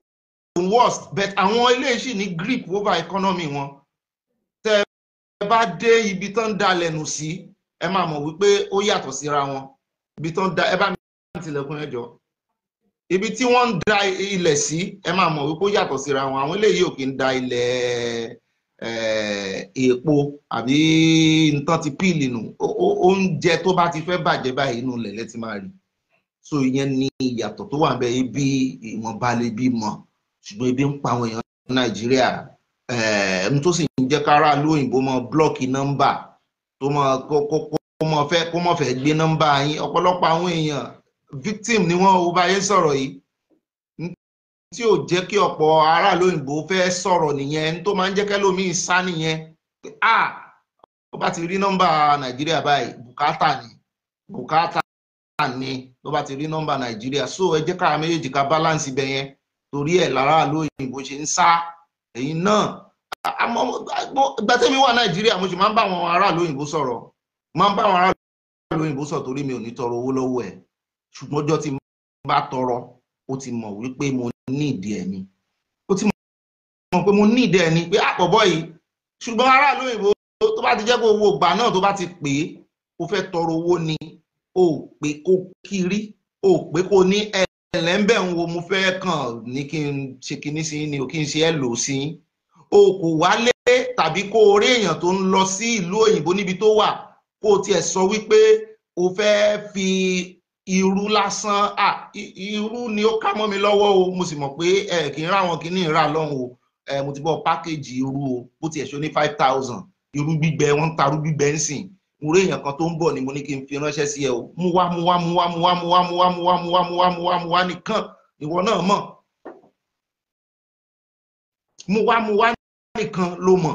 ń worst but àwọn ilé ìṣì ní grip over economy wọn tẹ ẹ bá dé ibi tó ń da lẹ́nu sí ẹ máa mọ̀ wípé ó yàtọ̀ síra wọn ibi tó da ẹ bá mi tilẹ̀kùn ẹjọ́ ibi tí wọ́n ń da ilẹ̀ sí ẹ máa mọ̀ wípé ó yàtọ̀ síra wọn àwọn eléyìí ò kí ń da ilẹ̀ eh, èèpo àbí nǹkan ti píìlì nù oúnjẹ tó bá ti fẹ́ bàjẹ́ báyìí inú ilẹ̀ lẹ́tí máa rí so ìyẹn ni ìyàtọ̀ tó wà bẹ́ẹ̀ ibi ìwọ̀nba lè bí mọ̀ ṣùgbọ́n ibi ń pa àwọn èèyàn nàìjíríà ẹ̀ẹ́n eh, tó sì ń jẹ́ kára lóyìnbó mọ blọ́ọ̀kì nọ́mbà tó mọ kó mọ fẹ́ gbé nọ́mbà yín ọ̀pọ̀lọpọ̀ àwọn èèyàn victim ni wọ́n ó báyé sọ̀rọ̀ yìí tí ò jẹ́ kí ọ̀pọ̀ aráàlú òyìnbó fẹ́ sọ̀rọ̀ nìyẹn tó máa ń jẹ́ kẹ́lòmíín sá nìyẹn pé a tó bá ti rí nọ́mbà nàìjíríà báyìí bùkátà ni Bukata ni tó bá ti rí nọ́mbà nàìjíríà so ẹ jẹ́ kára méjèèjì ká balance ibẹ̀ yẹn torí ẹ̀ láràlú òyìnbó ṣe ń sá èyí náà àmọ́ ìgbà tẹ́mi wà nàìjíríà mo sì máa ń bá àwọn aráàlú òyìnbó sọ̀rọ̀ máa ń bá àwọn aráàlú òyìnbó sọ̀rọ̀ torí mi ò ní tọrọ owó lọ́wọ́ ẹ̀ ṣùgbọ́n ọjọ́ tí bá tọrọ ó ti mọ̀ wípé mo ní ìdí ẹ̀ ni ó ti mọ̀ pé mo ní ìdí ẹ̀ ni pé àpọ̀bọ̀ ah, yìí ṣùgbọ́n aráàlú òyìnbó tó bá ti jẹ́ pé owó ìgbà náà tó bá ti pè é ó fẹ́ tọrọ owó ni ó pé kó kiri ó pé kó ní ẹlẹ́ńbẹ̀ ń wo mo fẹ́ kàn ní kí n ṣe kinní sí ni ò kí n ṣe ẹ lò sí o kò wálé tàbí kó orí èèyàn tó ń lọ sí ìlú òyìnbó níbi tó wà kó tiẹ̀ sọ wípé o fẹ́ fi irú lásán à irú ni ó ká mọ́ mi lọ́wọ́ o mo sì mọ̀ pé ẹ kì í ráwọn kì í ní ìrà lọ́hùn o ẹ mo ti bọ́ pákéjì irú o bó tiẹ̀ ṣe ní five thousand irú gbígbẹ wọ́n ń tarú gbígbẹ ń sìn mo rí èèyàn kan tó ń bọ̀ ni mo ní kí n fi ránṣẹ́ sí ẹ o mú wá mú wá mú wá mú wá mú wá mú wá mú wá mú wá mú wá mú wá mú wá nìkan ìwọ náà mọ̀ mú wá mú wá nìkan ló mọ̀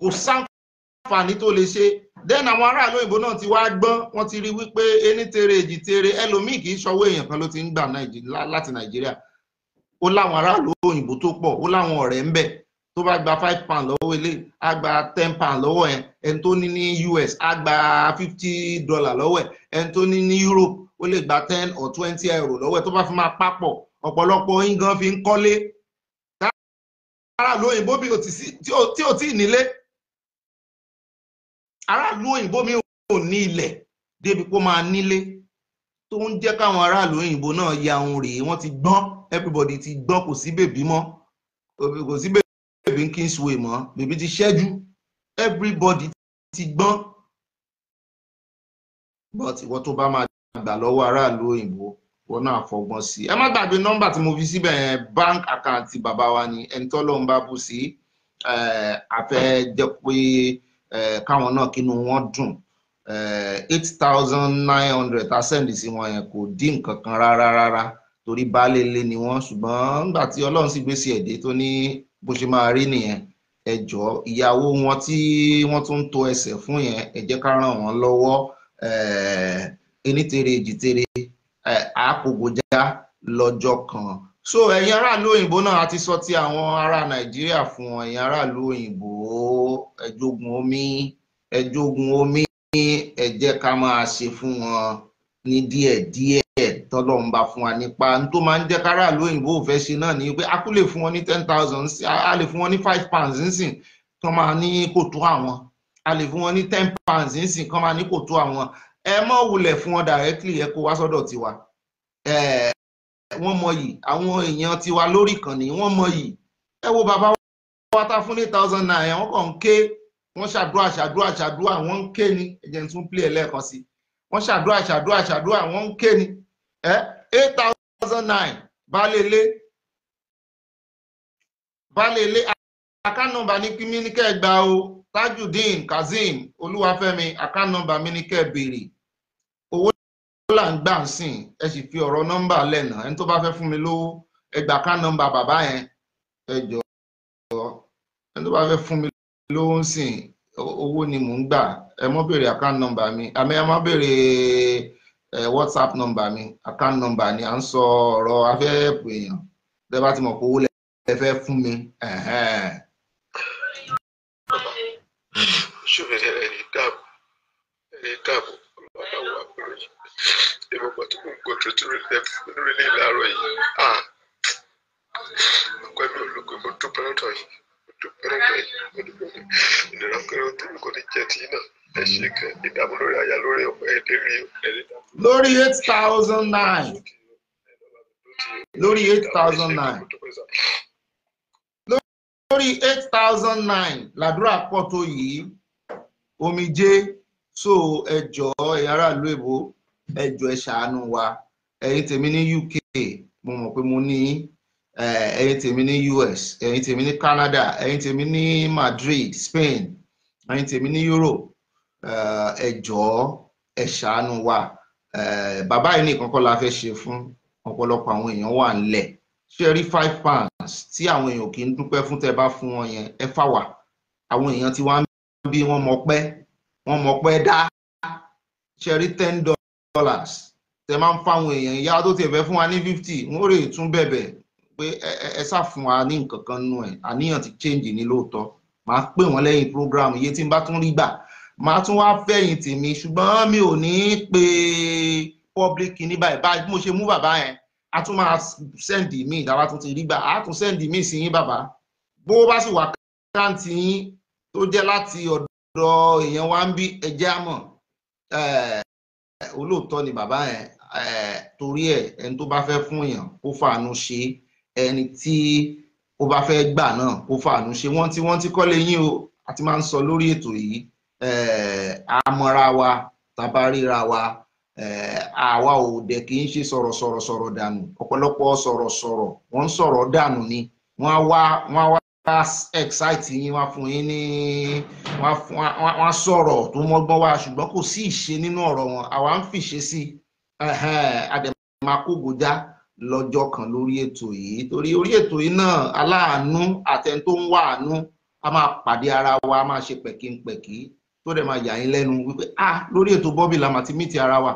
kò sáǹfààní tó lè ṣe then àwọn aráàlú òyìnbó náà ti wá gbọ́n wọ́n ti rí wípé ẹni tere èjì tere ẹlòmíì kì í ṣọwọ́ èèyàn kan ló ti ń gbà láti nàìjíríà ó láwọn aráàlú òyìnbó tó pọ̀ ó láwọn ọ̀rẹ́ ń bẹ̀ tó bá gba five pound lọ́wọ́ ilé á gba ten pound lọ́wọ́ ẹ̀ ẹni tó ní ní US á gba fifty dollar lọ́wọ́ ẹ̀ ẹni tó ní ní Europe ó lè gba ten or twenty euro lọ́wọ́ ẹ̀ tó bá fi máa papọ̀ ọ̀pọ̀lọpọ̀ yín gan fi ń kọ́lé aráàlú òyìnbó bí tí ò tí ì nílé aráàlú òyìnbó mi ò ní ilẹ̀ débi kó máa nílé tó ń jẹ́ káwọn aráàlú òyìnbó náà ya ohun rèé wọ́n ti gbọ́n everybody ti gbọ́n kò sí bèbí mọ́ kò sí bèbí ń Kingsway mọ́ bèbí ti ṣẹ́jú everybody ti gbọ́n but ìwọ́n tó bá máa gbà lọ́wọ́ aráàlú òyìnbó wọn náà fọgbọ́n sí ẹ má gbàgbé nọ́mbà tí mo fi síbẹ̀ yẹn bank account bàbá wa ni ẹni tọ́lọ́run bá bù sí àfẹ́ Eh, káwọn náà kínú wọn dùn eh, eight thousand nine hundred tá a sẹ́ndì sí wọn yẹn kò dín nǹkan kan rárá rárá torí baálé ilé ni wọ́n ṣùgbọ́n nígbà tí ọlọ́run sì gbèsè ẹ̀dẹ́ tó ní bó ṣe máa rí nìyẹn ẹ jọ̀ọ́ ìyàwó wọn tí wọ́n tún ń to ẹsẹ̀ fún yẹn ẹ jẹ́ ká ràn wọ́n lọ́wọ́ enítere èjìtere àápògójá lọ́jọ́ kan so ẹ̀yin aráàlú òyìnbó náà a ti sọ ti àwọn ará nàìjíríà fún ẹ̀yin aráàlú òyìnbó ẹ̀jọ̀gùn omi ẹ̀jọ̀gùn omi ẹ jẹ́ ká máa ṣe fún wọn ní díẹ̀díẹ̀ tọ́lọ́run bá fún wa nípa n tó máa ń jẹ́ káràlú òyìnbó òfẹ́ ṣe náà ni pé a lè fún wọn ní ten thousand a lè fún wọn ní five pounds nísìn kán máa ní kò tó àwọn a lè fún wọn ní ten pounds nísìn kán máa ní kò tó àwọn ẹ mọ̀ wulẹ̀ fún wọn directly ẹ kó wá sọ́dọ̀ tiwa wọ́n mọ̀ yìí àwọn èèyàn tiwa lórí ìkànnì wọ́n mọ̀ yìí ẹ wo bàbá wá tá fún eight thousand naira wọ́n kàn ń ké wọ́n ṣàdúrà ṣàdúrà ṣàdúrà wọ́n ń ké ni ẹ̀jẹ̀ tún plé ẹlẹ́ẹ̀kan sí wọ́n ṣàdúrà ṣàdúrà ṣàdúrà wọ́n ń ké ni ẹ eight thousand naira baálé ilé baálé ilé account number ní kí mi ní kẹ́ o tajudeen kazeem olúwafẹ́mi account number mi ní kẹ́ ẹ béèrè owó là ń gbà sìn ẹ sì fi ọ̀rọ̀ nọ́mbà lẹ́nà ẹni tó bá fẹ́ fún mi lówó ẹ gbà account bàbá yẹn ẹ jọ ẹni tó bá fẹ́ fún mi lówó ń sìn owó ni mò ń gbà ẹ mọ́ béèrè account number mi àmì ẹ mọ́ béèrè whatsapp number mi account number ni à ń sọ ọ̀rọ̀ afẹ́pù èèyàn tẹ́ bá ti mọ̀ pé owó lẹ fẹ́ fún mi. ṣùgbọ́n ẹni dáàbò ẹni dáàbò ọlọ́wọ́ àbúrò yìí èmi ọgbà tó kún gbòtò tó rí lẹ́fún lórí ilé ìlàrọ̀ yìí ah! ọgbà mi ò lóko ìmọ̀ dúpẹ́ lọ́tọ̀ yìí pẹ́rẹ́pẹ́ lórí eight thousand nine lórí eight thousand nine lórí eight thousand nine làdúrà pọ̀ tó yìí omijé so ẹ jọ̀ọ́ ẹ̀yin aráàlú èbó ẹ ẹ ṣàánú wa ẹ̀yin tèmi ní UK mo mọ̀ pé mo ní ẹ̀yin tèmi ní US ẹ̀yin tèmi ní Canada ẹ̀yin tèmi ní Madrid Spain ẹ̀yin tèmi ní Europe ẹ jọ̀ọ́ ẹ ṣàánú wa bàbá yìí nìkan kọ́ la fẹ́ ṣe fún ọ̀pọ̀lọpọ̀ àwọn èèyàn wà ńlẹ̀ ṣé rí five pounds tí àwọn èèyàn kì í dúpẹ́ fún tẹ́ bá fún wọn yẹn ẹ fà wá àwọn èèyàn tí wá bí wọ́n mọ̀ pé wọ́n mọ̀ pé dá ṣe rí ten dollars tẹ́ máa ń fáwọn èèyàn ìyá tó tẹ̀ fẹ́ fún wa ní fifty wọ́n rè tún bẹ̀bẹ̀ pé ẹ sá fún wa ní nǹkan kan nù ẹ̀ àníyàn ti change ní lóòótọ́ màá pè wọ́n lẹ́yìn program iye tí n bá tún rí gbà màá tún wá fẹ̀yìn tèmi ṣùgbọ́n mi ò ní pé public ní báyìí báyìí bí mo ṣe mú bàbá yẹn a tún máa sẹ́ǹdì míì dáwà tún ti rí gbà á tún sẹ́ǹdì míì sí yín bàbá bó bá sì wà káàntì yín tó jẹ́ láti ọ̀dọ̀ èèyàn wa ń bí ẹjẹ́ àmọ̀ olóòótọ́ ni bàbá yẹn torí ẹ̀ ẹni tó bá fẹ́ fún èèyàn kó fàánú ṣe é ẹni tí ó bá fẹ́ gbà náà kó fàánú ṣe wọ́n tí wọ́n ti kọ́lé yín o àti máa ń sọ lórí ètò yìí àmọ́ra wa tabaríra wa àwa ò dẹ̀ kì í ṣe sọ̀rọ̀ sọ̀rọ̀ sọ̀rọ̀ dànù ọ̀pọ̀lọpọ̀ sọ̀rọ̀ sọ̀rọ̀ wọ́n sọ̀rọ̀ dànù ni wọ́n á wá wọ́n á wá excite yín wá fún yín ní wọ́n sọ̀rọ̀ tó mọ́gbọ́n wá ṣùgbọ́n kò sí ìṣe nínú ọ̀rọ̀ wọn àwa ń fìṣe sí adẹ̀mákógojá lọ́jọ́ kan lórí ètò yìí torí orí ètò yìí náà aláàánú àtẹni tó ń wá àánú a máa pàdé ara wa a máa ṣe pẹ̀kínpẹ̀kí tó dẹ̀ máa yà yín lẹ́nu wípé ah lórí ètò bọ́bì la mà ti mí ti ara wa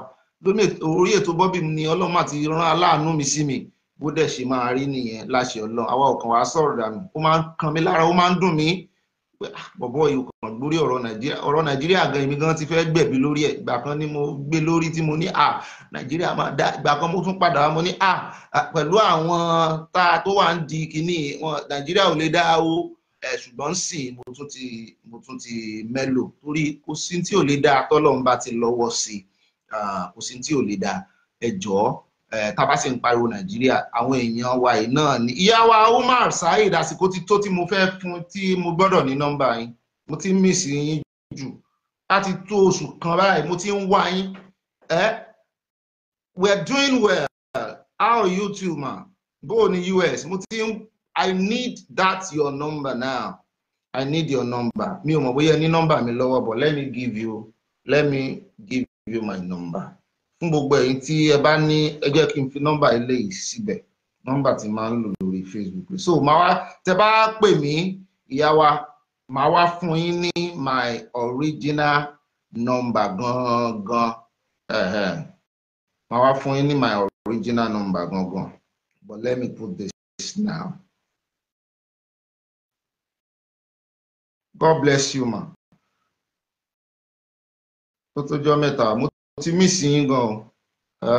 orí ètò bọ́bì ni ọlọ́mà ti rán aláàánú mi sí mi bó dẹ̀ ṣe máa rí nìyẹn láṣẹ ọlọ́run àwa ò kàn sọ̀rọ̀ dànù ó máa ń kan mi lára ó máa ń dùn mí Ah, bọ̀bọ̀ ìkọ̀kan lórí ọ̀rọ̀ nàìjíríà ọ̀rọ̀ nàìjíríà gan èmi gan ti fẹ́ gbẹ̀bí lórí ẹ̀ ìgbà kan ni mo gbé lórí tí mo ní à ah, nàìjíríà máa dá ìgbà kan mo tún padà wá mo ní ah, à pẹ̀lú àwọn tá a tó wà ń di kínní wọn nàìjíríà ò lè dá o ṣùgbọ́n sì mo tún ti mo tún ti mẹ́lò torí kò sí tí ò lè dá tọ́lọ́run bá ti lọ́wọ́ sí kò sí tí ò lè dá ẹ jọ̀ọ́ tábà sì ń pariwo nàìjíríà àwọn èèyàn wa yìí náà ni ìyá wa Umar Saheed àsìkò tó tí mo fẹ́ fún tí mo gbọ́dọ̀ ní nọ́mbà yín mo ti miss yín jù láti tó oṣù kan báyìí mo ti ń wá yín ẹ we are doing well how are you too ma bó o US mo ti ń I need that your number now I need your number mi ò mọ̀ bóyá ní nọ́mbà mi lọ́wọ́ but let me give you let me give you my number fún gbogbo ẹ̀yin tí ẹ bá ní ẹ kí n fi nọ́mbà eléyìí síbẹ̀ nọ́mbà tí máa ń lò lórí facebook so máa wá tẹ bá pè mí ìyá wa máa wá fún yín ní my original number gangan uh-huh. máa wá fún yín ní my original number gangan but let me put this now. God bless you ma. Tó tó jọ́ mẹ́ta, mo mo ti mí sí yín gan o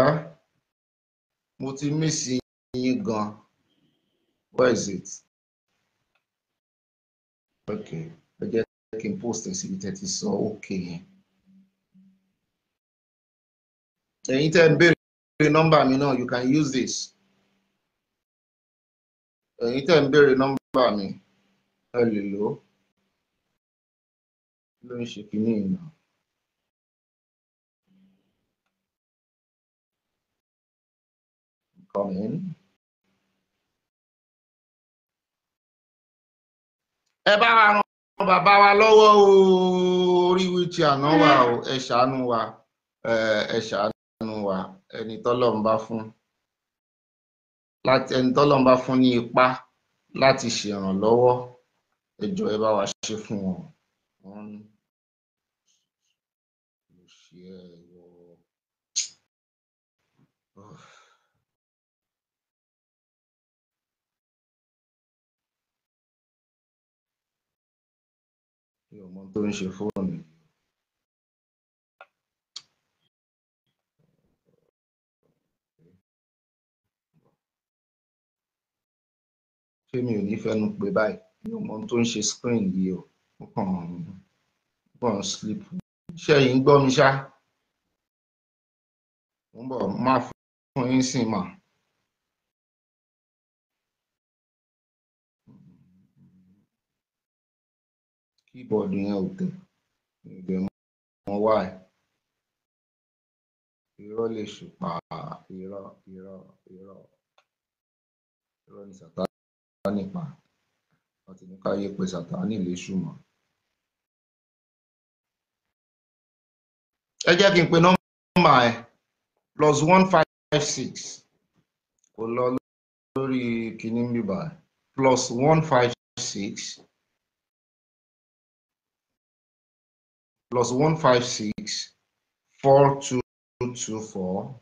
mo ti mí sí yín gan where is it ok ẹ jẹ́ kí n post ẹ̀ síbi tẹ́ ti sọ ok yẹn ẹ̀yin tẹ́ ń béèrè nọ́mbà mi náà you can use this ẹ̀yin tẹ́ ń béèrè nọ́mbà mi ẹ lè lò ó ló ń ṣe kínní ìnáwó. Kom in. Ẹ bá wa ran bàbá wa lọ́wọ́ orí wíìtì àná wa o, ẹ ṣàánú wa, ẹ ṣàánú wa, ẹni tọ́lọ́run bá fún. Láti ẹni tọ́lọ́run bá fún ní ipá láti ṣèrànlọ́wọ́, ẹ ẹ bá wa ṣe fún wọn. One, two, mi ò mọ tó ń ṣe fóònù yìí. ṣé mi ò ní fẹnu pé báyìí mi screen yìí o sleep ṣé yìí ń gbọ́ mi ṣá ń bọ̀ máa keyboard yẹn ò tẹ̀ ìdè mọ why irọ́ lè ṣùpá irọ́ ni sàtánì pa wọ́n ti ní káyé pé sàtánì lè ṣùmọ̀. kí n pe nọ́mbà ẹ̀ plus one five six kò lọ lórí kìíní bíbá plus one five six. plus 156 4224